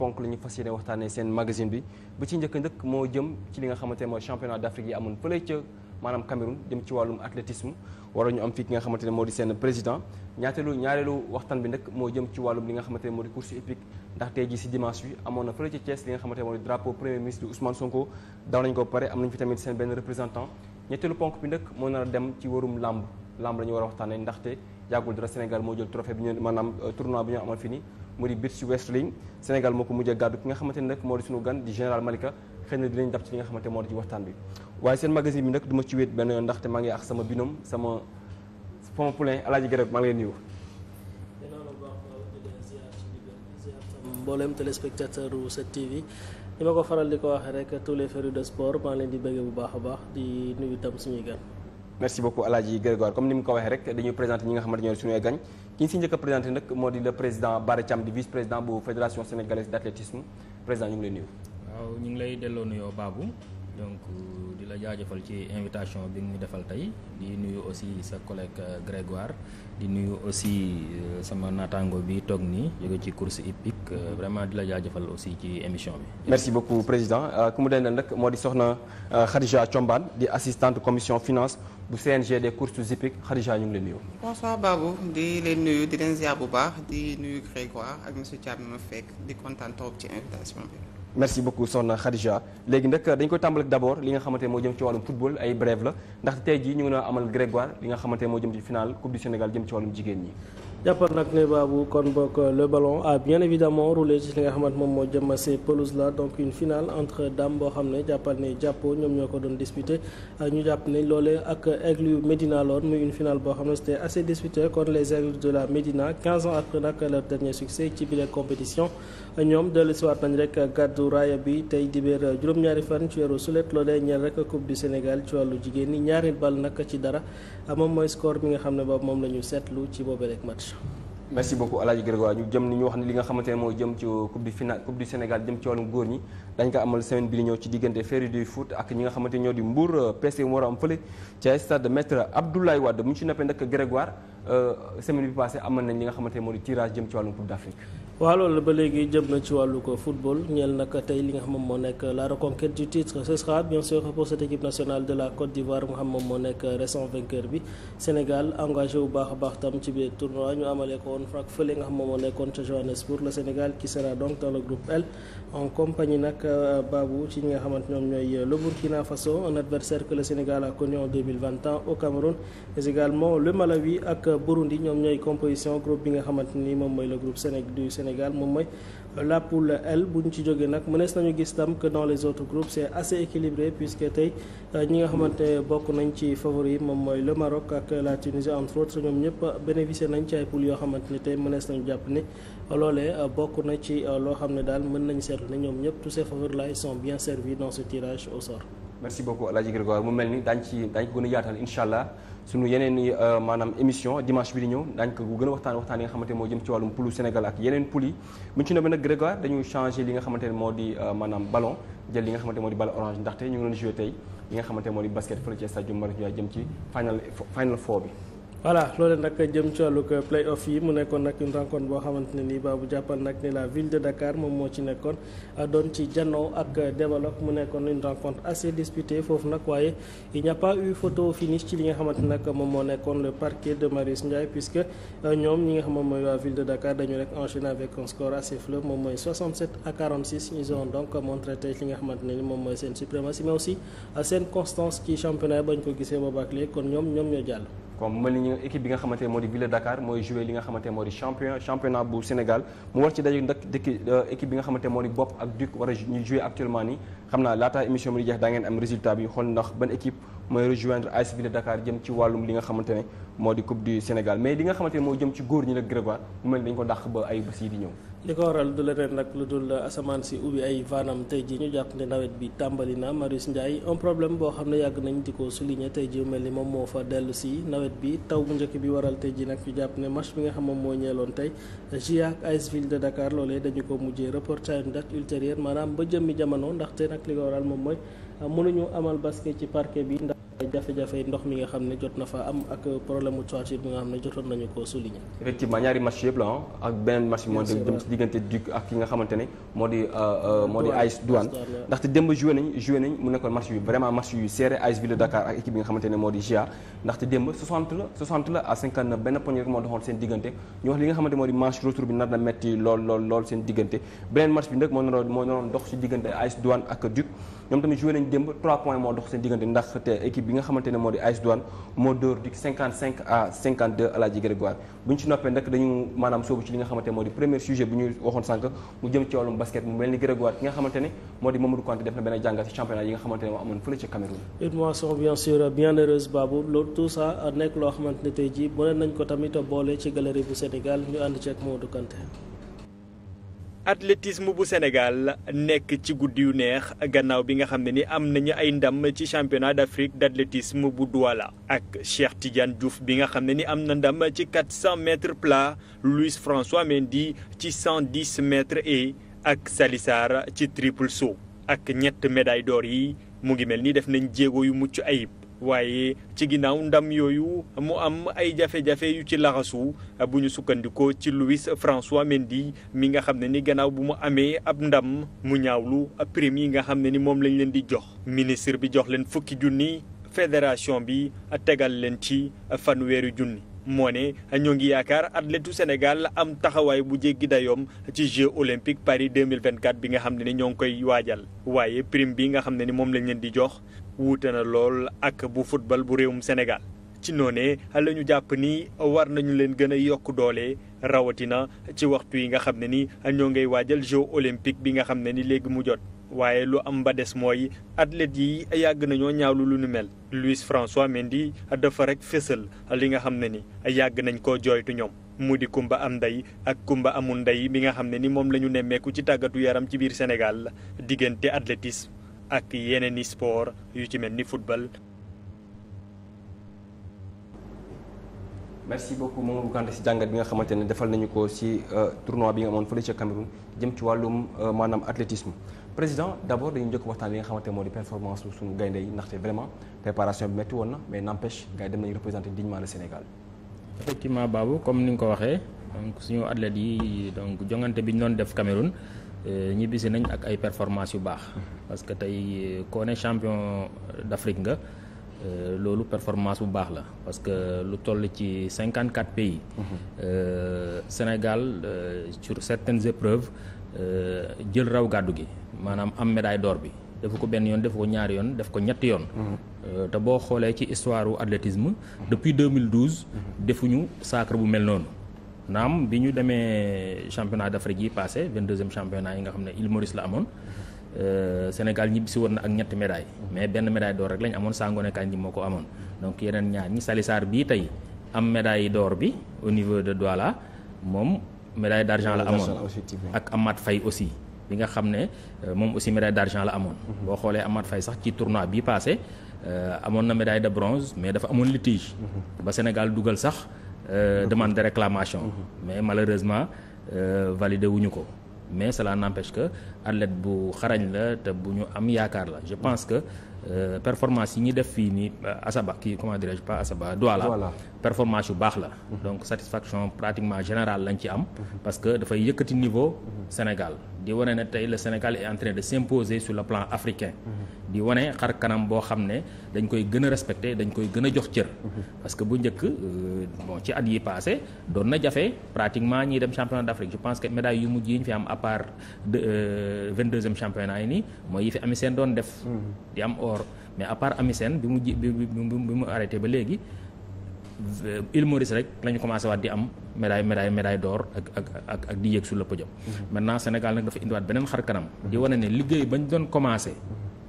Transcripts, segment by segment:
ponk la ñu fas yéene waxtaanee seen magazine bi bu ci njëkk njëkk moo jëm ci li nga xamante mooy championnat d'Afrique yi amoon fële ca maanaam Cameroun jëm ci wàllum athlétisme waroon ñu fii ki nga xamante ne moo di seen président ñaateelu ñaareelu waxtaan bi nag moo jëm ci wàllum li nga xamante ne moo di course hippique ndax ji jii si dimanche bi amoon na fële ca Thiès li nga xamante moo di drapeau premier ministre bi Ousmane Sonko daw nañ ko pare am nañ fi tamit seen benn représentant ñetteelu ponk bi nag moo nar a dem ci warum làmb làmb la war a waxtaanee ndaxte yàggul dara moo jël trophée bi ñu maanaam euh, tournoi ñu amal fii nii mu di Birch West Ligne Sénégal moo ko mujjee gàddu ki nga xamante ne moo di sunu gan di général Malika xëy na dinañ dab ci li nga xamante moo di ci waxtaan bi waaye seen magazine bi nag du ma ci wéet benn yoon ndaxte maa ngi ak sama binôme sama sama poulain Alaaji Garab maa ngi leen nuyu mboolem téléspectateur u 7TV li ma ko faral di ko waxee rek tous les de sport maa leen di bëggee bu baax a baax di nuyu tam suñuy gan merci beaucoup El Hadj Grégoire comme ni mu ko waxee rek dañuy présenter ñi nga xamante ñoo suñu ay gañ ki ñu si njëkk a présenté moo di le président Bara Thiam vice président bu fédération sénégalaise d' président ñu ngi lay nuyu. waaw ñu ngi lay delloo nuyoo Babou donc euh, di la jaajëfal ci invitation bi ñu defal tey di nuyu aussi sa collègue euh, Grégoire di nuyu aussi euh, sama naataango bi toog nii jóge ci course hippique vraiment di la jaajëfal aussi ci émission bi. merci beaucoup président ku mu dendal nag moo di soxna Khadija Thiombane di assistante commission finance bu CNG des courses hippiques Khadija ñu ngi leen nuyu. bonsoir Babou di leen nuyu di leen ziar bu baax di nuyu Grégoire ak monsieur Thiam ma fekk di kontaan trop ci invitation merci beaucoup soxna Khadija léegi nag dañ koy tambal d' abord li nga xamante moo jëm ci wàllum football ay brève la ndaxte tey jii ñu ngi noo amal Grégoire li nga xamante moo jëm ci final Coupe du Sénégal jëm ci wàllum jigéen ñi jàppal nag ne baabu kon bokk le ballon a bien évidemment roulé ci li nga xamante moom moo jëm ci pelouse la donc une finale entre dames boo xam ne jàppal ne jàppoo ñoom ñoo ko doon disputé ñu jàpp ne loole ak aigle yu Médina loon muy une finale boo xam ne c'était assez disputé contre les aigles de la Médina 15 ans après nag leur dernier succès ci bile compétition ñoom dellu siwaat nañ rek gàddu raaya bi tey dibéer juróom-ñaari fan ci weeru sulet loolee ñeel rek coupe du Sénégal ci wàllu jigéen ñi ñaari bal nag ci dara moom mooy score bi nga xam ne boobu moom la ñu seetlu ci boobu rek match merci beaucoup Alaaji Grégoire ñu jëm ni ñu wax ni li nga xamante ne moo jëm ci coupe du final coupe du Sénégal jëm ci wàllum góor ñi dañ ko amal semaine bi di ñëw ci diggante Ferry du foot ak ñi nga xamante ñoo di Mbour euh, PC mu war a am fële ca stade maître Abdoulaye Wade mu ñu ci noppee nag Grégoire euh, semaine bi passée amal nañ li nga xamante ne moo di tirage jëm ci wàllum coupe d' waaw ba léegi jëm na ci wàllu ko football ñeel nag tey li nga xam moom moo nekk la reconquête du titre ce sera bien sûr pour cette équipe nationale de la Côte d'Ivoire mu xam moom moo nekk récent vainqueur bi Sénégal engagé bu baax a baax tam ci biir tournoi ñu amalee ko woon fak fële nga xam moom moo nekkoon ca Johannesburg le Sénégal qui sera donc dans le groupe L en compagnie nag euh, Babou ci nga xamante ñoom ñooy euh, le Burkina Faso un adversaire a connu en 2021 au Cameroun mais également Sénégal moom mooy la poule L bu ñu ci jógee nag mënees nañu gis tam que dans les autres groupes c'est assez équilibré puisque tey euh, ñi nga xamante bokk nañ ci favori moom mooy le Maroc ak la Tunisie entre autres ñoom ñëpp bénéficier nañ ci ay poule yoo xamante ni tey mënees nañu jàpp ni loolee bokk na ci loo xam ne daal mën nañu seetlu ne ñoom ñëpp tous ces favoris là ils sont bien servis dans ce tirage au sort. suñu yeneen i euh, maanaam émission dimanche bi di ñëw daañu ko gën a waxtaan waxtaan yi nga xamante moo jëm ci wàllum poulu Sénégal ak yeneen poul yi buñ ci noppee nag Grégoire dañuy changé li nga xamante ne moo di euh, maanaam ballon jël li nga xamante moo di ballon orange ndaxte ñu ngi doon joué tey li nga xamante moo di basket fële ci stade Marius Ndiaye jëm ci bi voilà loolu nag jëm ci wàllug play off yi mu nekkoon nag une rencontre boo xamante ne nii baabu jàppal nag ni la ville de Dakar moom moo ci nekkoon euh, doon ci jannoo ak développe mu nekkoon une rencontre assez disputée foofu nag waaye il n'y a pas eu photo finish ci li nga xamante nag moom moo nekkoon le parquet de Marius Ndiaye puisque euh, ñoom ñi nga xam moom mooy waa ville de Dakar dañu rek enchaîné avec un score assez fleuve moom ne ni moom mooy seen suprématie mais aussi euh, seen constance ci championnat bañ ko gisee boobaak léegi kon ñoom ñoom ñoo jàll comme mel ni équipe bi nga xamante ne moo di Ville Dakar mooy joué li nga xamante ne moo di champion championnat bu Sénégal mu war ci daje nag dëkk euh, équipe bi nga xamante ne moo di Bopp ak Duc war a ñu joué actuellement nii xam naa laataa émission bi di jeex daa ngeen am résultat bi xool ndax ban équipe mooy rejoindre AS Ville Dakar jëm ci wàllum li nga xamante ne moo di Coupe du Sénégal mais li nga xamante ne moo jëm ci góor ñi la Grégoire mu mel ni dañ ko dàq ba ay bés yi di li ko waral du leneen nag lu dul asamaan si ubbi ay vanam tey jii ñu jàpp ne nawet bi tàmbali na Marius Ndiaye un problème boo xam ne yàgg nañ di ko souligner tey jii mel ni moom moo fa dellu si nawet bi taw bu njëkk bi waral tey jii nag ñu jàpp ne match bi nga xam moom moo ñeeloon tey GIA ak AS Ville de Dakar loolee dañu ko mujjee reporter à une date maanaam ba jëmmi jamono ndaxte nag li ko waral moom mooy mënuñu amal basket ci parquet bi. jafe-jafe ndox mi nga xam ne jot na fa am ak problème mu toiture bi nga xam ne jotoon nañu ko souligner. effectivement ñaari match yëpp la ah ak beneen match nga xamante ne moo di euh, euh, moo di AS Douanes ndaxte démb joué nañ joué nañ mu nekkoon match yu vraiment match yu serré AS Ville de Dakar ak équipe bi nga xamante ne moo di GA ndaxte démb 60 la 60 la à 59 benn poñ rek moo doxoon seen diggante ñu wax li nga xamante moo di match retour bi nar na metti lool lool seen diggante beneen match bi nag moo naroon moo naroon dox ci diggante ñoom tamit joué nañ démb 3 points moo dox seen diggante ndaxte équipe bi nga xamante moo di AS Douanes moo dóor di 55 à 52 Aladji Grégoire bu ñu ci maanaam soobu li nga xamante moo di premier sujet bu ñu waxoon sànq mu jëm ci wàllum basket mu mel ni Grégoire ki nga xamante ne moo di Mamadou Kanté def na benn jàngat ci championnat yi nga xamante ne moo amoon fële ca Cameroun émotion bien heureuse Babou loolu tout ça nekk loo xamante ne tey jii mën nañ ko tamit boole ci galerie athlétisme bu Sénégal nekk ci guddi yu neex gannaaw bi nga xam ne ni am nañu ay ndam ci championnat d'Afrique d'athlétisme bu Douala ak Cheikh Tidiane Diouf bi nga xam ne ni am na ndam ci 400 mètres plat Louis François Mendy ci 110 mètres et ak salisar ci triple saut ak ñett médaille d'or yi mu ngi mel ni def nañ jéego yu mucc ayib. waaye ci ginnaaw ndam yooyu mu am ay jafe-jafe yu ci laxasu bu ñu sukkandikoo ci Luis François Mendy mi nga xam ne ni gannaaw bu mu amee ab ndam mu ñaawlu prime yi nga xam ne ni moom lañ leen di jox ministre bi jox leen fukki junni fédération bi tegal leen ci fanweeri junni moo ne ñoo ngi yaakaar atletu Sénégal am taxawaay bu jéggi dayoom ci Jeux olympiques Paris 2024 bi nga xam ne ni ñoo ngi koy waajal waaye prime bi nga xam ne ni moom lañ leen di jox wuute na lool ak bu football bu réewum Sénégal ci noonee la ñu jàpp ni war nañu leen gën a yokk doole rawatina ci waxtu yi nga xam ne ni ñoo ngay waajal jeu olympique bi nga xam ne ni léegi mu jot waaye lu am ba des mooy athlètes yi yàgg nañoo ñaawlu lu nu mel Louis François Mendy dafa rek fésal li nga xam ne ni yàgg nañ koo jooytu ñoom mu di kumba am ndey ak kumba amul ndey bi nga xam ne ni moom la ñu nemmeeku ci tàggatu yaram ci biir Sénégal diggante athlétisme ak yeneen i sport yu ci mel ni football. merci beaucoup Mamadou Kanté si jàngat bi nga xamante ne defal nañu ko si euh, tournoi bi nga amoon fële ca Cameroun jëm ci wàllum euh, maanaam athlétisme président d' abord dañu njëkk waxtaan li nga xamante moo di performance su suñu gaynde yi ndaxte vraiment préparation bi métti woon na mais n' empêche gars yi dem nañu représenter dignement le Sénégal. effectivement Babou comme ni nga ko waxee donc suñu athlètes yi donc jongante bi ñu doon def Cameroun. Euh, ñibbisi nañ ak ay performance yu baax parce que tey euh, koo ne champion d'Afrique nga euh, loolu performance bu baax la parce que lu toll ci cinquante quatre pays euh, Sénégal euh, sur certaines épreuves jël raw gàddu gi maanaam am médaille d'or bi defu ko benn yoon defu ko ñaari yoon def ko ñetti yoon te boo xoolee ci histoire wu athlétisme depuis defu ñu sacre bu mel noonu naam bi ñu demee championnat d' Afrique yi passé vingt deuxième championnat yi nga xam ne Île Maurice la amoon euh, Sénégal ñibbisi woon na ak ñetti médaille mais benn médaille d'or rek lañ amoon Sangoné Kandji moo ko amoon donc yeneen ñaar ñi Salissar bii tey am médaille d'or bi au niveau de Douala moom médaille d' argent la amoon ak Amath fay aussi bi nga xam ne euh, moom aussi médaille d' argent la amoon mhm. boo xoolee Amath fay sax ci tournoi bi passé euh, amoon na médaille de bronze mais dafa amoon litige mhm. ba Sénégal dugal sax Euh, demande de réclamation. mais malheureusement euh, validé wuñu ko. mais cela n'empêche que athlète bu xarañ la te bu ñu am yaakaar la je pense que. Euh, performance yi ñuy def fii nii euh, Asaba kii comment dirais je pas Asaba Douala. Douala performance yu baax la. Mhm. donc satisfaction pratiquement générale lañ ci am. Mhm. parce que dafay yëkkati niveau. Mhm. Sénégal di wane ne tey le Sénégal est en train de s'imposer sur le plan africain. di wane xar kanam boo xam ne dañ koy gën a respecté dañ koy gën a jox cër. parce que bu njëkk euh, bon ci at yi passé doon na jafe pratiquement ñiy dem championnat d'Afrique je pense que médaille yu mujj yi ñu fi am à de vingt or mais à part Amisen bi mu ji bi mu arrêté ba léegi Île Maurice rek la ñu waat di am médaille médaille médaille d'or ak ak di yéeg sur le podium. Mhm. maintenant Sénégal nag dafa indiwaat beneen xar kanam. di wane ne liggéey bañ doon commencé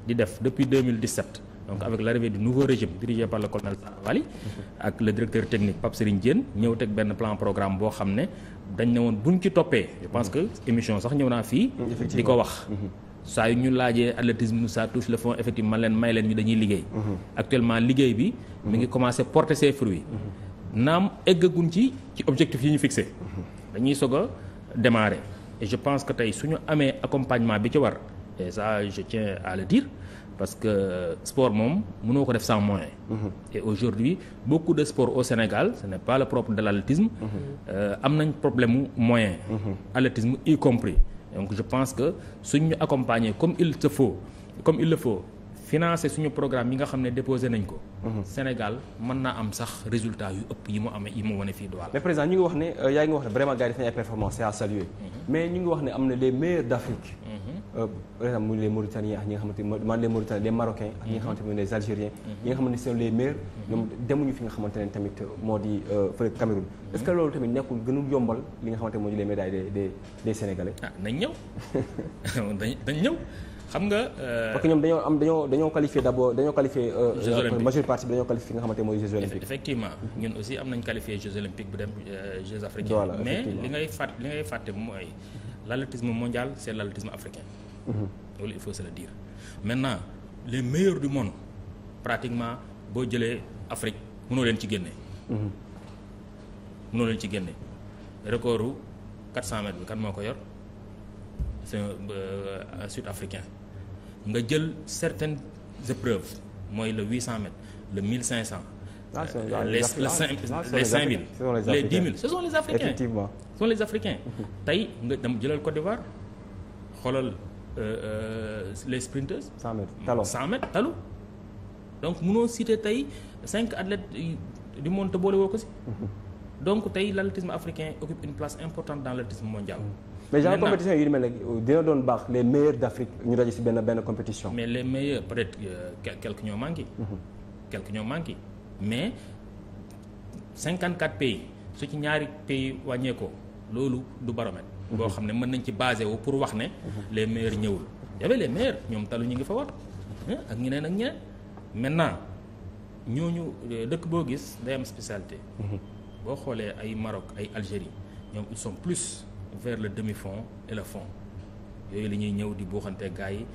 di def depuis 2017. donc avec l'arrivée du nouveau régime dirigé par le colonel Sarawali mhm. ak le directeur technique Pape Serigne Diène ñëw teg benn plan programme boo xam ne dañ ne woon buñ ci toppee je pense mhm. que émission sax ñëw naa fii saa yu ñu laajee athlétisme ça touche le fond effectivement leen may leen ñu dañuy liggéey. Mhm. actuellement liggéey bi. mi ngi mhm. commencé porter ses fruits. Mhm. naam eggaguñ ci ci objectif yi ñu fixé. dañuy soog a démarrer. et je pense que tey su ñu amee accompagnement bi ci war et ça je tiens à le dire parce que sport moom munoo ko def sans moyen. et aujourd'hui beaucoup de sport au Sénégal ce n'est pas le propre de l'athlétisme. Euh, am nañ problème mu moyen. athlétisme donc je pense que suñ ñu accompagner comme il te faut comme il le faut financer suñu programme yi nga xam ne déposé nañ ko. Mhm. Sénégal mën naa am sax résultat yu ëpp yi mu amee yi mu wane fii Douala. mais président ñu ngi wax ne euh, yaa ngi wax ne vraiment gars yi def nañ ay performances c'est saluer. Mhm. mais ñu ngi wax ne am na les meilleurs d'Afrique. Mhm. Mm-hmm. Euh, par exemple muy les Mauritaniens ak ñi nga xamante ne les Mauritaniens ak ñi nga mm-hmm. xamante ne les Algériens mm-hmm. ñi nga xamante ne sont fi nga xamante ne tamit moo di euh, que loolu tamit nekkul gënul yombal li nga xamante ne moo di les médailles des des des Sénégalais ah nañ ñëw ñëw xam nga. Euh, parce que ñoom dañoo am dañoo dañoo Jeux olympiques mooy Jeux olympiques. effectivement ñun aussi am nañ qualifié Jeux olympiques bu dem li ngay fàtte mooy. l'athlétisme mondial c'est l'athlétisme africain mhm. loolu le dire maintenant les meilleurs du monde pratiquement boo jëlee Afrique mënoo leen ci génne mhm. mënoo leen ci génne recordu 400 mètres bi kan moo ko yor c'est un euh, sud-africain nga jël certaines épreuves mooy le 800 mètres le 1500 ah, euh, les, les, les 5000 ah, les 10 000 sont les Africains. tey nga dem jëlal Côte d'Ivoire xoolal euh, euh, les sprinteuses. 100 mètres talon 100 donc munoo citer tey cinq athlètes du monde te boole woo ko si. donc tey l'athlétisme africain occupe une place importante dans l'athlétisme mondial. mais genre compétition yi mel ne dina doon baax les meilleurs d'Afrique ñu daje si benn benn compétition. mais les meilleurs peut-être euh, quelques ñoo manqué. quelques ñoo manqué mais 54 pays su ci ñaari pays wàññeekoo. loolu du baromètre. boo xam ne mën nañ ci basé woo pour wax ne. les meilleurs ñëwul. y avait les meilleurs ñoom talu ñu ngi fa war ak ñeneen ak ñeneen maintenant ñooñu euh, dëkk boo gis day am spécialité. boo xoolee ay marok ay Algérie ñoom ils sont plus vers le demi-fond et le fond yooyu la ñuy ñëw di buuxante gars yi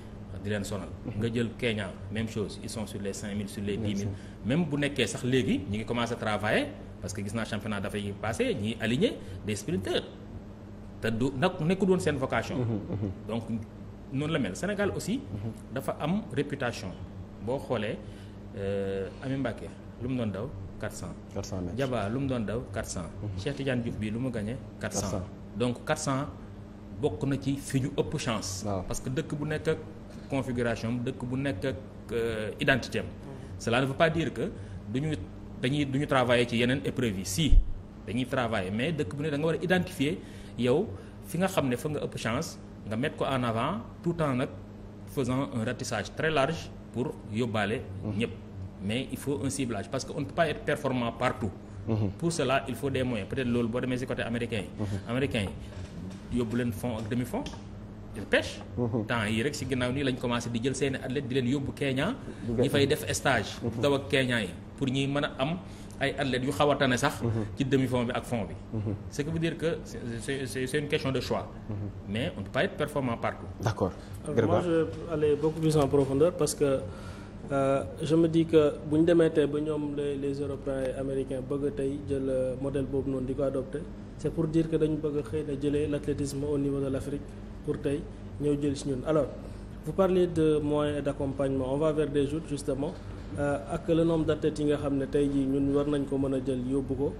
di leen sonal. nga jël Kenya même chose ils sont sur les 5000 sur les 10 000. même bu nekkee sax léegi ñu ngi commencé travailler. parce que gis naa championnat dafay passé ñuy aligné des sprinteurs te du nag nekkul doon seen vocation. Mhm, mhm. donc noonu la mel Sénégal aussi. Mhm. dafa am réputation boo xoolee euh, Ami Mbacké lu mu doon daw 400. 400 mètres Jaba lu mu doon daw 400. Cheikh Tidiane Diouf bii lu mu gagné. 400 donc 400 bokk na ci fi ñu ëpp chance. parce que dëkk bu nekk ak configuration dëkk bu nekk ak euh, identité am. cela pas dire que duñu. dañuy du ñu travailler ci yeneen épreuve yi si dañuy travailler mais dëkk bu ne da nga war a identifier yow fi nga xam ne fa nga ëpp chance nga mettre ko en avant tout en nag faisant un ratissage très large pour yóbbaale ñëpp mais il faut un ciblage parce que on ne peut pas être performant partout mhm. pour cela il faut des moyens peut-être loolu boo demee ci côté américain yi mhm. américain yi yóbbu leen fond ak demi-fond il pêche mhm. temps yi rek ci ginnaaw nii lañ commencé di jël seeni athlètes leen yóbbu Kenya ñi fay def stage daw ak pour ñuy mën a am ay athlètes yu xaw a tane sax. Mhm. ci demi bi ak fond mhm. dire que c' d' accord Alors, moi je vais aller beaucoup plus en profondeur parce que euh, je me bu ñu demee tey ba ñoom les les bëgg tey jël euh, modèle boobu noonu di ko adopté pour dire que dañu bëgg xëy jëlee l' athlétisme au niveau de l' Afrique pour tey ñëw jël si ñun alors vous parlez de moyens d' accompagnement on va vers des joutes justement. Euh, ak le nombre d'athlètes yi nga xam ne tey jii ñun war nañ ko mën a jël yóbbu ko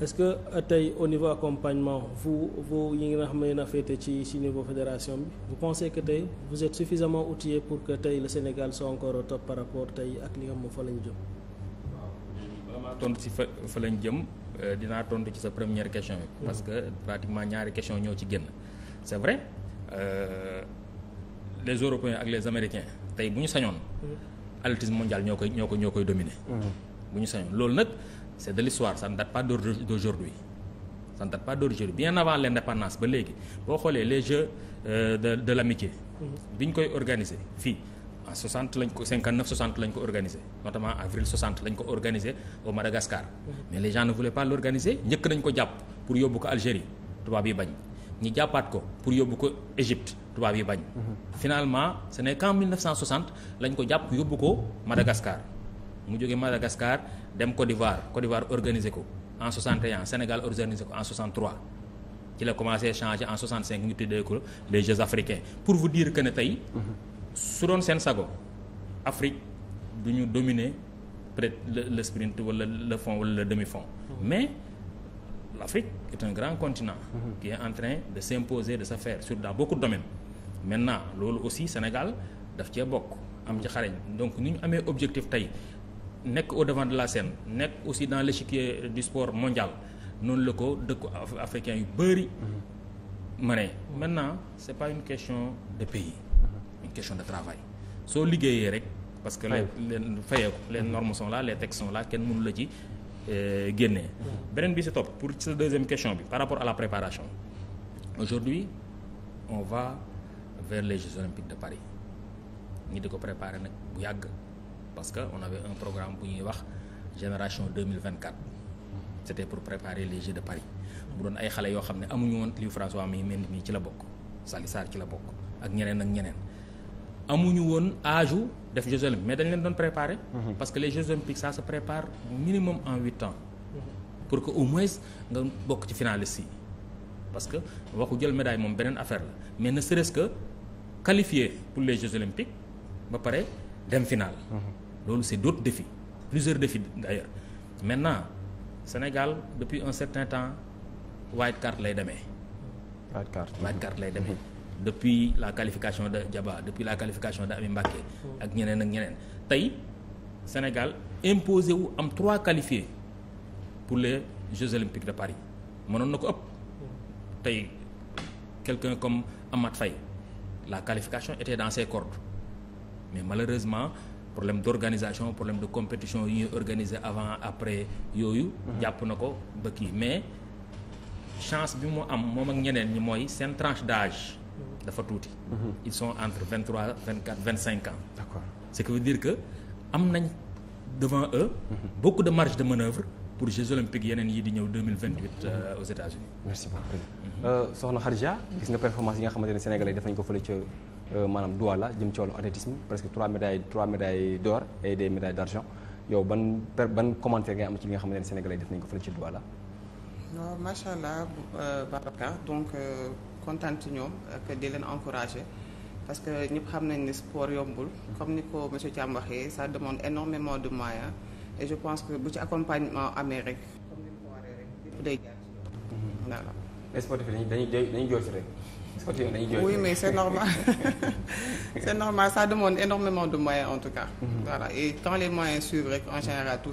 est-ce que euh, tey au niveau accompagnement fu vous yi nga xam ne na féete ci ci niveau fédération bi vous pensez que tey vous êtes suffisamment outillé pour que tey la Sénégal soit encore au top par rapport tey ak li nga xam ne fa lañ jëm. waaw vraiment tontu si fa fa lañ jëm euh, dinaa tontu ci sa première question bi. parce que pratiquement ñaari question ñoo ci génn c'est vrai euh, les Européens ak les Américains tey bu ñu sañoon. Mm-hmm. athlétisme mondial ñoo koy ñoo koy ñoo koy dominé. Mm-hmm. bu ñu sañoon loolu nag c' est de l'histoire ça ne date pas d' aujourd'hui ça ne date pas d'aujourd'hui bien avant l' indépendance ba léegi boo xoolee les jeux euh, de de l' amitié. Mm-hmm. koy organiser fii en 60 lañ ko 59 60 lañ ko organiser notamment avril 60 lañ ko organiser au Madagascar. Mm-hmm. mais les gens ne voulaient pas l' njëkk nañ ko jàpp pour yóbbu ko Algérie tubaab yi bañ. ñu jàppaat ko pour yóbbu ko Égypte tubaab yi bañ. Mhm. finalement ce n'est qu'en 1960 lañ ko jàpp yóbbu ko Madagascar mu jógee Madagascar dem Côte d'Ivoire Côte d'Ivoire organisé ko en 61 Sénégal organisé ko en 63. ci la commencé changer en 65 ñu tuddee ko les Jeux africains pour vous dire que ne tey. su doon seen sago Afrique du ñu dominer peut-être le le sprint wala le fond wala le demi-fond. Mhm. l'Afrique est un grand continent mhm. qui est en train de s'imposer de se faire sur dans beaucoup de domaines maintenant loolu aussi Sénégal daf cee bokk am ci xarañ donc ni ñu amee objectif tey nekk au devant de la scène nekk aussi dans l'échiquier du sport mondial noonu la ko dëkku africain yu bëri ma mhm. ne maintenant c'est pas une question de pays mhm. une question de travail soo liggéeyee rek parce que leen fayeeku les normes sont là les textes sont là kenn mënu la ci Euh, génnee beneen bi si topp pour sa deuxième question bi par rapport à la préparation aujourd'hui on va vers les Jeux olympiques de Paris ñi di ko préparer nag bu yàgg parce que on avait un programme bu ñuy wax génération 2024 c'était pour préparer les Jeux de Paris mu doon ay xale yoo xam ne amuñu woon Louis François mi mel nii ci la bokk Sali Sarr ci la bokk ak ñeneen ak ñeneen amuñu woon âge def Jeux olympiques mais dañ leen doon préparer. Mhm. parce que les Jeux olympiques ça se prépare minimum en huit ans. pour que au moins nga bokk ci finaliste yi parce que waxu jël médaille moom beneen affaire la mais ne serait-ce que qualifier pour les Jeux olympiques ba pare dem finale. Mhm. loolu c'est d'autres défis plusieurs défis d'ailleurs maintenant Sénégal depuis un certain temps white card lay demee. white card white card lay demee. Mhm. depuis la qualification de Diaba depuis la qualification de Ami Mbacké ak ñeneen ak ñeneen tey Sénégal imposé wu am trois qualifiés pour le Jeux olympiques de Paris mënoon na ko ëpp tey quelqu'un comme amat fay la qualification était dans ses cordes mais malheureusement problème d'organisation problème de compétition yu ñuy organiser avant après yooyu mhm. jàpp na ko ba kii mais chance bi mu am moom ak ñeneen ñi mooy seen tranche d'âge dafa tuuti. Mhm. ils sont entre vingt trois vingt quatre vingt cinq ans. d'accord ce qui veut dire que am nañ devant eux. Mhm. beaucoup de marge de manœuvre pour Jeux olympiques yeneen yi di ñëw deux mille vingt huit mhm. euh, aux États-Unis merci beaucoup euh, soxna Khadija gis nga performance yi nga xamante ne Sénégalais def nañ ko fële ca euh, maanaam Douala jëm ci wàllu athlétisme presque trois médailles d'or et des d'argent yow ban ban commentaire ngay am ci li nga xamante ne Sénégalais def nañ ko fële ca Douala. kontaan ci ñoom ak euh, di leen encourager parce que ñëpp xam nañ ne sport yombul comme ni ko monsieur Thiam sa ça demande énormément de moyens et je pense que bu ci accompagnement amee rek comme ni ko waree rek day dañu mm-hmm. voilà sportif rek oui mais c'est normal c'est normal ça demande énormément de moyens en tout cas mm -hmm. et quand les moyens suivent en général mhm.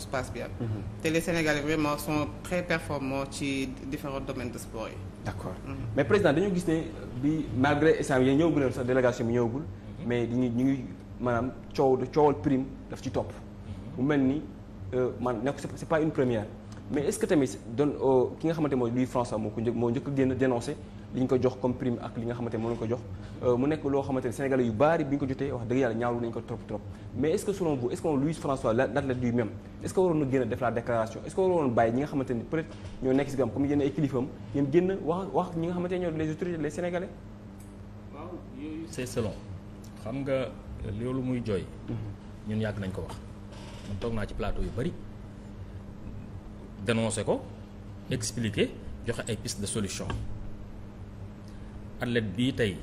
mhm. gis ne bi malgré esam yéen ñëwagul sax délégation bi ñëwagul mhm. mais ñu ñu ngi maanaam coow coowal prime daf ci topp mu mel ni euh, man nekk mais est-ce que tamit doon euh, ki nga xamante mooy Louis François moo ko génn dénoncé li ko jox comme ak li nga xamante ne moom lañ ko jox euh, mu nekk loo xamante ne sénégalais yu bari bi ñu ko jotee wax dëgg yàlla ñaawlu nañ ko trop trop mais est ce que selon vous est ce que moom Louis François l'athlète est ce que waroon bàyyi ñi nga xamante ne ñoo nekk si gam comme yenn ay kilifam ñoom génn wax wax ñi nga xamante ne ñoo les autorités les sénégalais waaw yooyu c'est selon xam nga loolu muy jooy mm-hmm. ñun yàgg nañ ko wax man toog naa ci plateau yu bari dénoncé ko expliqué joxe ay de solution athlète bii tey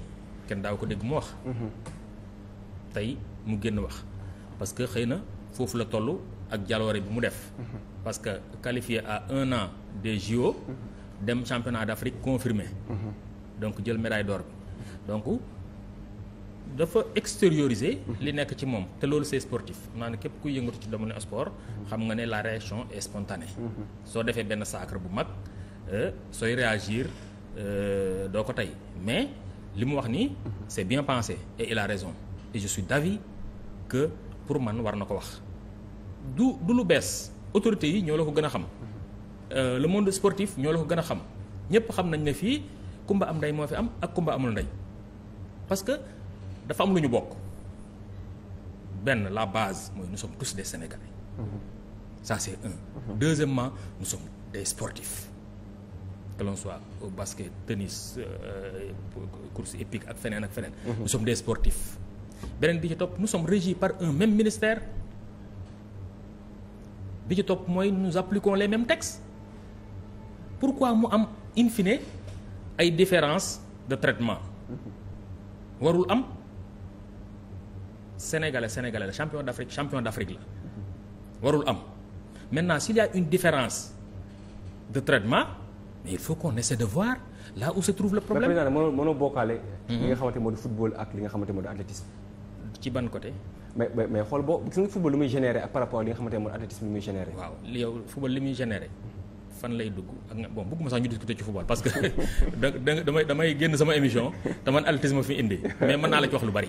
kenn daaw ko dégg mu wax. Mhm. tey mu génn wax parce que xëy na foofu la toll ak jaloore bi mu def. Mhm. parce que qualifié à un an des JO. Mhm. dem championnat d'Afrique confirmé. donc jël médaille d'or bi donc dafa extérioriser li nekk ci moom te loolu c'est sportif maanaam képp kuy yëngatu ci domaine sport xam nga ne la réaction et spontanée. soo defee benn sacre bu mag euh, sooy réagir. Euh, doo ko tey mais li mu wax nii c'est bien pensé et il a raison et je suis d'avis que pour man war na ko wax du du lu bees autorités yi ñoo la ko gën a xam euh, le monde sportif ñoo la ko gën a xam ñëpp xam nañ ne fii kumba am ndey moo fi am ak kumba amul ndey parce que dafa am lu ñu bokk benn la base mooy nous sommes tous des Sénégalais mm-hmm. ça c'est un deuxièmement nous sommes des sportifs que l'on soit au basket tennis euh, euh course hippique ak feneen ak feneen. Mhm. nous sommes des sportifs. beneen bi ci topp nous sommes régis par un même ministère bi ci topp mooy nous appliquons les mêmes textes pourquoi mu am infine ay différence de traitement mhm. warul am sénégalais sénégalais la champion d'Afrique champion d'Afrique la mhm. warul am maintenant s'il y a une différence de traitement mais il faut qu'on essaie de voir là où se trouve le problème. mais président mënoo bokkaale. Mhm. li nga xamante moo di football ak li nga xamante moo di athlétisme. ci ban mais mais xool boo gis nga football li muy généré ak par rapport li nga xamante moo di athlétisme li muy généré. waaw li yow football li muy généré. fan lay dugg ak nga bon bëgguma sax ñu discuter ci football parce que damay génn sama émission te man athlétisme fi indi mais mën naa la ci wax lu bari.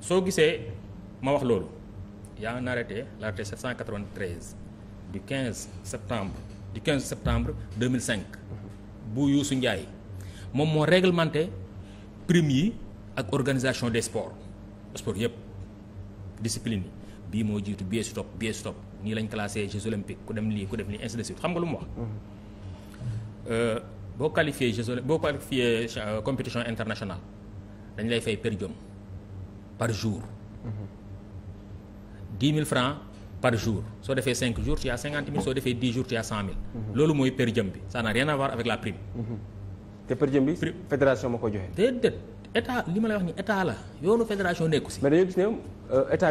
soo gisee ma wax loolu y a un arrêté l'arrêté 793 du 15 septembre du 15 septembre 2005 bu Youssou Ndiaye moom moo réglementé prime yi ak organisation des sports sport yëpp discipline bii moo jiitu bie stop bie stop nii lañ classé Jeux olympiques ku dem lii ku def lii ainsi de suite xam nga lu mu wax euh, boo qualifié Jeux olympiques boo qualifié euh, compétition internationale dañ lay fay per par jour mhm. dix mille francs par jour soo defee 5 jours tu as 50 000 soo defee 10 jours tu as 100 000. Mhm. loolu mooy per bi ça n'a avec la prime. Mhm. te per diem bi. fédération moo ko joxe. déedéet état li ma lay wax ni état la yoonu fédération nekku si. mais dañoo euh,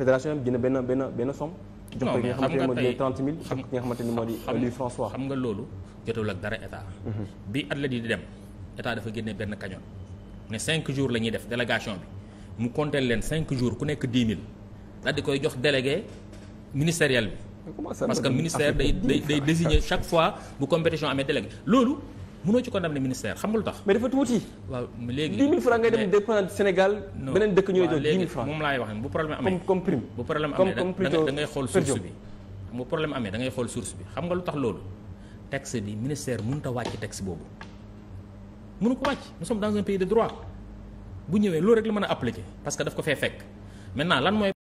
euh, benn benn benn somme. non mais xam nga tey jox ko ki nga xamante euh, xam nga loolu jotul ak dara état. Mhm. bi athlète yi di dem état dafa génne benn kañoon ne 5 jours la ñuy def délégation bi mu compter leen 5 jours ku nekk 10 000. daal di koy jox délégué ministériel bi. parce que ministère day day chaque fois bu compétition amee délégué loolu mënoo ci condamner ministère xam nga lu tax. mais dafa tuuti. waaw léegi 10 000 francs ngay dem dépendre Sénégal. beneen dëkk ñooy jox 10 moom laay wax bu problème amee comme prime. bu problème amee da ngay xool source bi. da ngay xool source bi xam nga lu tax loolu texte bi ministère mënut a wàcc texte boobu mënu ko wàcc nous dans un pays de droit bu ñëwee loolu rek la mën a appliquer parce daf ko fee fekk